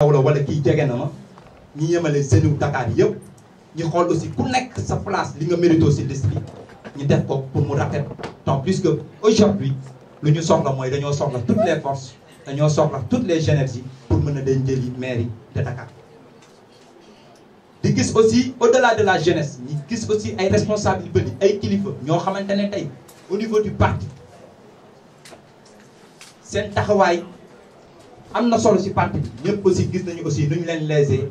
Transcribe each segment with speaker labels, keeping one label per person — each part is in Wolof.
Speaker 1: aw la wala kii jege na ma ñi yemale seenu Dakar yëpp ñu xool aussi ku nekk sa place li nga mérito si liste bi ñu def ko pour mu rafet tant plus que aujourd'hui lu ñu soxla mooy dañoo soxla toutes les forces dañoo soxla toutes les énergies pour mën a dañ jëli mairie de Dakar di gis aussi au la de la jeunesse ñi gis aussi ay responsables yu bëri ay kilifa ñoo xamante ne tey au niveau du parti seen taxawaay am na solo ci parti bi ñëpp aussi gis nañu aussi nu ñu leen léser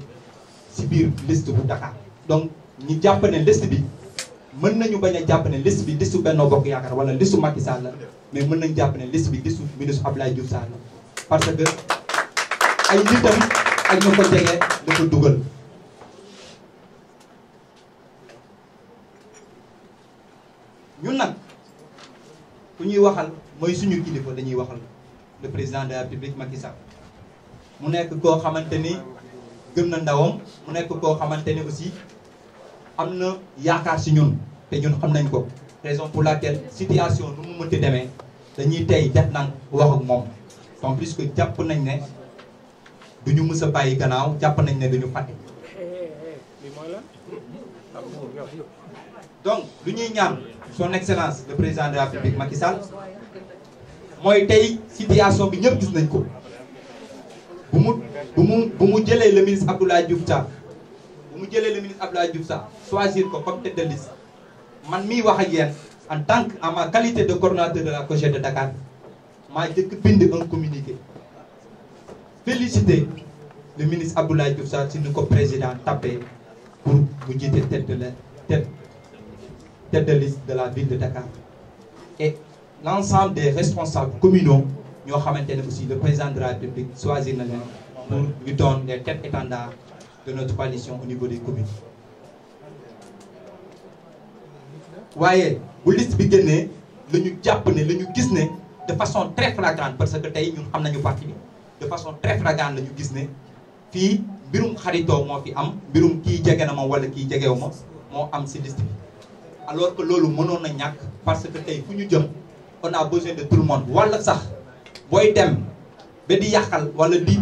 Speaker 1: si biir liste bu Dakar donc ñu jàpp ne liste bi mën nañu bañ a jàpp ne liste bi listu Benno Bokk Yaakaar wala listu Macky Sall mais mën nañu jàppane ne liste bi listu ministre Abdoulaye Diouf Sall la parce que ay nitam ak ñu ko jege da ko dugal ñun nag ku ñuy waxal mooy suñu kilifa dañuy waxal le président de la République Macky Sall mu nekk koo xamante ni gëm na ndawoom mu nekk koo xamante ni aussi am na yaakaar si ñun te ñun xam nañ ko raison pour laquelle situation nu mu mënti demee dañuy tey jat nang wax ak moom en plus que nañ ne du mës a bàyyi gannaaw jàpp nañ ne du ñu fàtte donc lu ñuy ñaan son excellence le président de la République Macky Sall mooy tey situation bi ñëpp gis nañ ko bu mu bu mu bu mu jëlee le ministre Abdoulaye Diouf bu mu jëlee le ministre Abdoulaye Diouf Sarr choisir ko comme tête de liste man miy wax ak yéen en tant que en ma qualité de coordonnateur de la COJER de Dakar maa jëkk bind un communiqué féliciter le ministre Abdoulaye Diouf Sarr si ni ko président tapé pour mu jiite de la tête tête de liste de la ville de Dakar et l'ensemble des responsable communaux ñoo xamante ne aussi le président de la République na leen pour ñu doon les têtes étendards de notre coalition au niveau des waaye bu liste bi génnee lañu ñu jàpp ne la ñu gis ne de façon très flagrante parce que tey ñun xam nañu parti bi de façon très flagrante la ñu gis ne fii mbirum xaritoo moo fi am mbirum kii jege na ma wala kii jegewu moo am si liste bi. alors que loolu mënoon na ñàkk parce que tey fu ñu jëm on a besoin de tout le monde wala sax. booy dem ba di yàqal wala di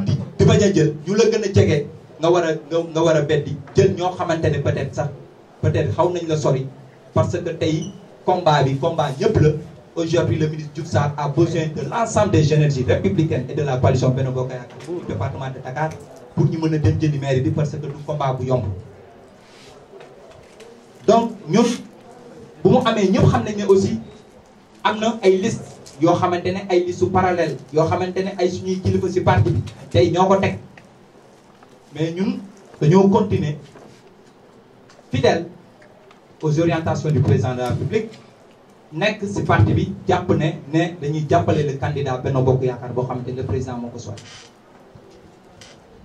Speaker 1: bañ a jël ñu la gën a jege nga war a nga nga war a beddi jël ñoo xamante ne peut-être sax peut-être xaw nañ la sori parce que tey combat bi combat ñëpp la aujourd'hui le ministre Diouf Sarr a besoin de l'ensemble des énergies républicaines et de la coalition Benno Bokk Yaakaar du département de Dakar pour ñu mën a dem jëndi mairie bi parce que du combat bu yomb donc ñun bu mu amee ñëpp xam nañ ne aussi am na ay liste yoo xamante ne ay liste parallèle yoo xamante ne ay suñuy kilifa si parti bi tey ñoo ko teg mais ñun dañoo continuer fidèle aux orientations du président de la République nekk si parti bi jàpp ne ne dañuy jàppale le candidat Benno Bokk Yaakaar boo xamante ne président moo ko soxla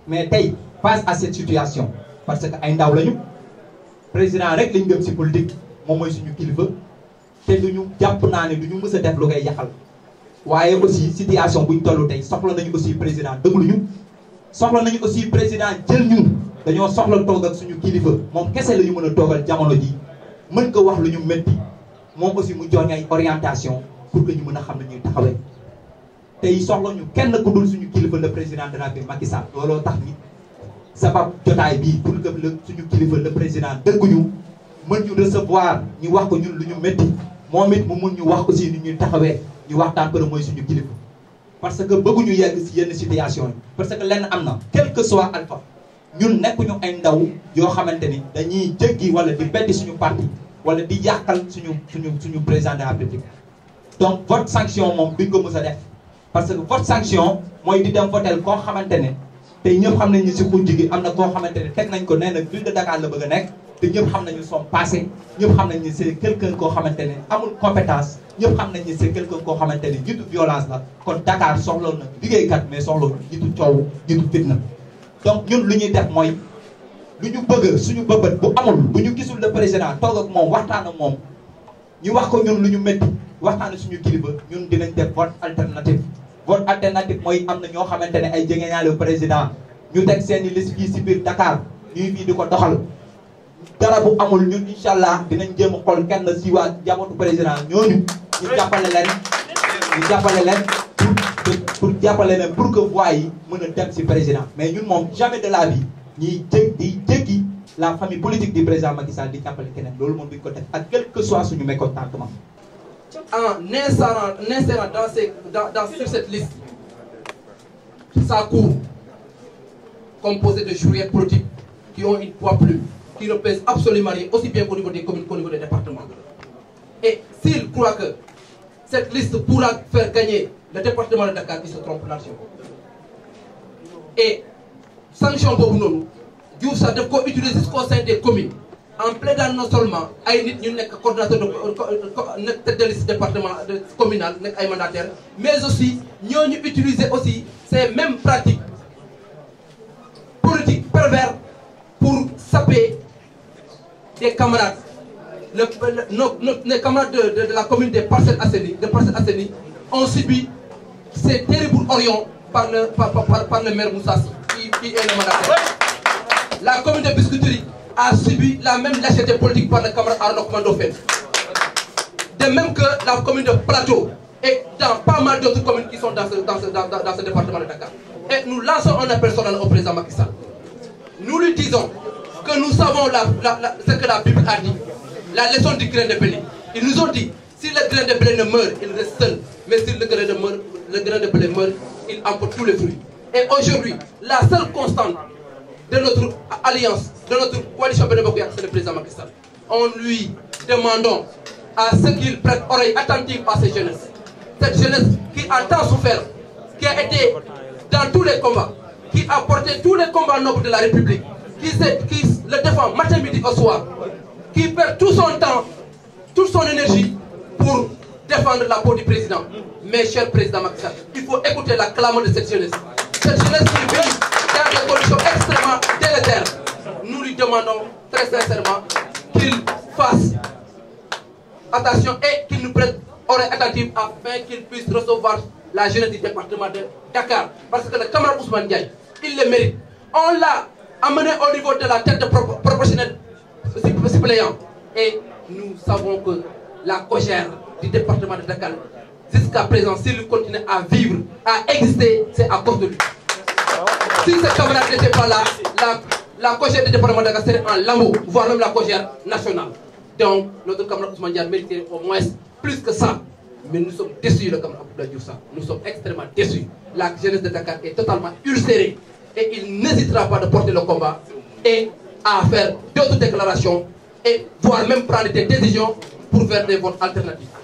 Speaker 1: mais tey face à cette situation parce que ay ndaw lañu président rek lañ dem si politique moom mooy suñu kilifa. te duñu jàpp naa ne duñu mës a def lu koy yaxal waaye aussi situation ñu toll tey soxla nañu aussi président déglu ñu soxla nañu aussi président jël ñun dañoo soxla toog ak suñu kilifa moom kese la ñu mën a toogal jamono ji mën ko wax lu ñu métti moom aussi mu jox ay orientation pour que ñu mën a xam ne ñuy taxawee tey soxla ñu kenn ku dul suñu kilifa le président de la République Macky Sall looloo tax ni sabab jotaay bii pour que le suñu kilifa le président dégguñu mën ñu recevoir ñu wax ko ñun lu ñu métti moom it mu mun ñu wax aussi ni ñuy taxawee ñu waxtaan pare mooy suñu kilifa. parce que bëgguñu yegg si yenn situation yi parce que lenn am na quel que soit alpha ñun nekkuñu ay ndaw yoo xamante ni dañuy jëggi wala di beddi suñu parti wala di yàqal suñu suñu suñu présenter de la République donc vote sanction moom bi ko mës a def parce que vote sanction mooy di dem votel koo xamante ne te ñëpp xam nañ ni si xunj gi na koo xamante ne teg nañ ko de Dakar la bëgg a nekk te ñëpp xam nañu son passé ñëpp xam nañu c'est quelqu'un koo xamante ne amul compétence ñëpp xam nañu c'est quelqu'un koo xamante ne jiitu violence la kon Dakar soxloon na liggéeykat mais soxloon jiitu coow jiitu fitna donc ñun lu ñuy def mooy lu ñu bëgg suñu bëbët bu amul bu ñu gisul le président toog ak moom waxtaan ak moom ñu wax ko ñun lu ñu métti waxtaan suñu kilifa ñun dinañ def vote alternative vote alternative mooy am na ñoo xamante ne ay jegeñaale président ñu teg seen i liste fii si biir Dakar ñuy fii di ko doxal dara bu amul ñun incha allah dinañ jéem a xool kenn la siiwaat jabootu président ñooñu ñu jàppale leen ñu jàppale leen pour jàppale leen pour que voix yi mën a dem si président mais ñun moom jamais de la vie ñuy jég di jéggi la famille politique du président Macky Sall di jàppale keneen loolu moom duñ ko def ak quel que soit suñu mécontentement.
Speaker 2: en insérant en insérant dans ces dans dans sur cette liste sa cour composée de joueurs politiques qui ont une poids plus. qui ne pèse absolument rien, aussi bien qu'au niveau des communes qu'au niveau des départements. Et s'il croit que cette liste pourra faire gagner le département de Dakar, il se trompe largement. Et sanction boobu noonu Diouf sax daf koo utiliser jusqu'au des communes en plaidant non seulement ay nit ñu nekk coordonnateur de nekk tête de liste département communal nekk ay mandataires mais aussi ñooñu utiliser aussi ces mêmes pratiques politiques pervers des camarades, de, la commune des Parcelles Assénie, de Parcelles Assénie, ont subi ces terribles orions par le, maire Moussassi, qui, est le mandataire. La commune de Biscuiterie a subi la même lâcheté politique par le camarade Arnaud Mandofen. De même que la commune de Plateau et dans pas mal d'autres communes qui sont dans ce, département de Dakar. Et nous lançons un appel solennel au président Macky que nous savons la, ce que la Bible a dit, la leçon du grain de blé. nous ont dit, si le grain de blé ne il seul. Mais si le grain de, meur, emporte tous les fruits. Et aujourd'hui, la seule constante de notre alliance, de notre coalition Benebakoya, c'est le président Macky Sall. On lui demandons à ce qu'il prête oreille attentive à ces jeunesse qui a tant souffert, qui a été dans tous les combats, qui a porté tous les combats nobles de la République, qui, qui le défend matin, midi au qui perd tout son énergie pour défendre la peau du président. Mes chers présidents Macky il faut écouter la clameur de cette jeunesse. qui vit dans des conditions extrêmement délétères. Nous très sincèrement qu'il fasse attention et qu'il nous prête oreille attentive afin qu'il puisse recevoir la jeunesse du département de Dakar. Parce que le camarade Ousmane Diagne, il le mérite. On l'a amené au niveau de la tête de proportionnelle suppléant. Et nous savons que la cogère du département de Dakar, jusqu'à présent, s'il continue à vivre, à exister, c'est à cause de lui. Si cette camarade n'était pas là, la, la cogère du département de Dakar serait en lambeau, voire la cogère nationale. Donc, notre camarade Ousmane Diar mériterait au moins plus que ça. Mais nous sommes déçus, le camarade Abdoulaye Nous sommes extrêmement déçus. La jeunesse et il n'hésitera pas de porter le combat et à faire d'autres déclarations et voire même prendre des décisions pour faire des votes alternatifs.